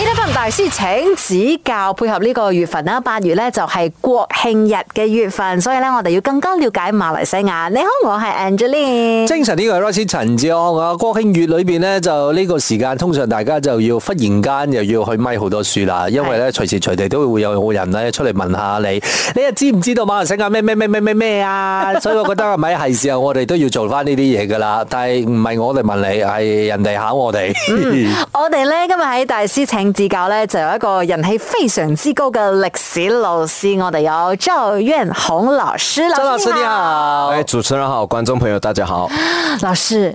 呢一份大師請指教，配合呢個月份啦，八月咧，就係國慶日嘅月份，所以咧，我哋要更加了解馬來西亞。你好，我係 Angeline。精神呢個係 Royce 陳志昂啊，國慶月裏邊咧，就呢個時間，通常大家就要忽然間又要去咪好多書啦，因為咧，隨時隨地都會有人啊出嚟問下你，你又知唔知道馬來西亞咩咩咩咩咩咩啊？ 所以我覺得係咪係時候我哋都要做翻呢啲嘢噶啦，但係唔係我哋問你，係人哋考我哋。 我哋咧今日喺大師請。志教呢就有一個人氣非常之高嘅歷史老師，我哋有趙願鴻老師，趙老師你好，誒、hey, 主持人好，觀眾朋友大家好， 老師。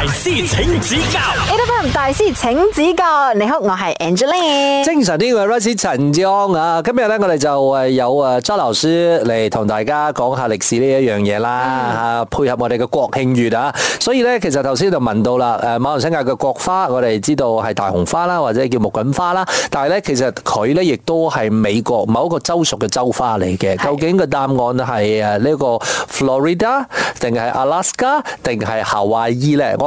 大師請指教，大師請指教。你好，我係 Angeline。精神啲嘅，Royce 陳章啊！今日呢，我哋就誒有誒趙老師嚟同大家講下歷史呢一樣嘢啦。配合我哋嘅國慶月啊，所以呢，其實頭先就問到啦。誒，馬來西亞嘅國花，我哋知道係大紅花啦，或者叫木槿花啦。但係呢，其實佢呢亦都係美國某一個州屬嘅州花嚟嘅。究竟個答案係誒呢個 Florida，定係 Alaska，定係夏威夷呢？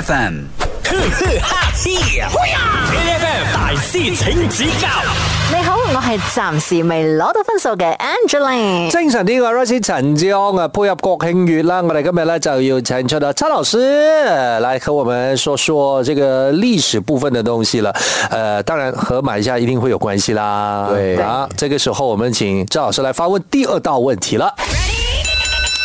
F M，大師，請指教。你好，我係暫時未攞到分數嘅 Angeline 精神呢個啊，配合國慶月啦。我哋今日咧就要請出趙老師，嚟和我們說說這個歷史部分嘅東西啦。誒、呃，當然和買家一定會有關係啦。對啊，這個時候我們請趙老師來發問第二道問題啦。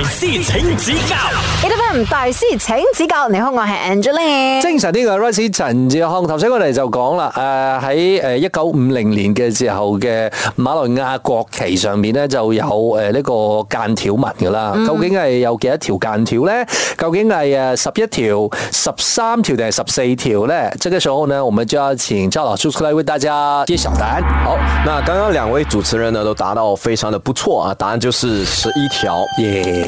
大師請指教，itam 大師請指教。你好，我係 Angeline。精神啲嘅 Royce 陳志康，頭先我哋就講啦，誒喺誒一九五零年嘅時候嘅馬來亞國旗上面咧就有誒呢、呃這個間條紋嘅啦、嗯。究竟係有幾多條間條咧？究竟係誒十一條、十三條定係十四條咧？即、這個時候呢，我們就要請趙老師出嚟為大家揭曉答案。好，那剛剛兩位主持人呢都答到我非常的不錯啊，答案就是十一條，耶、yeah.。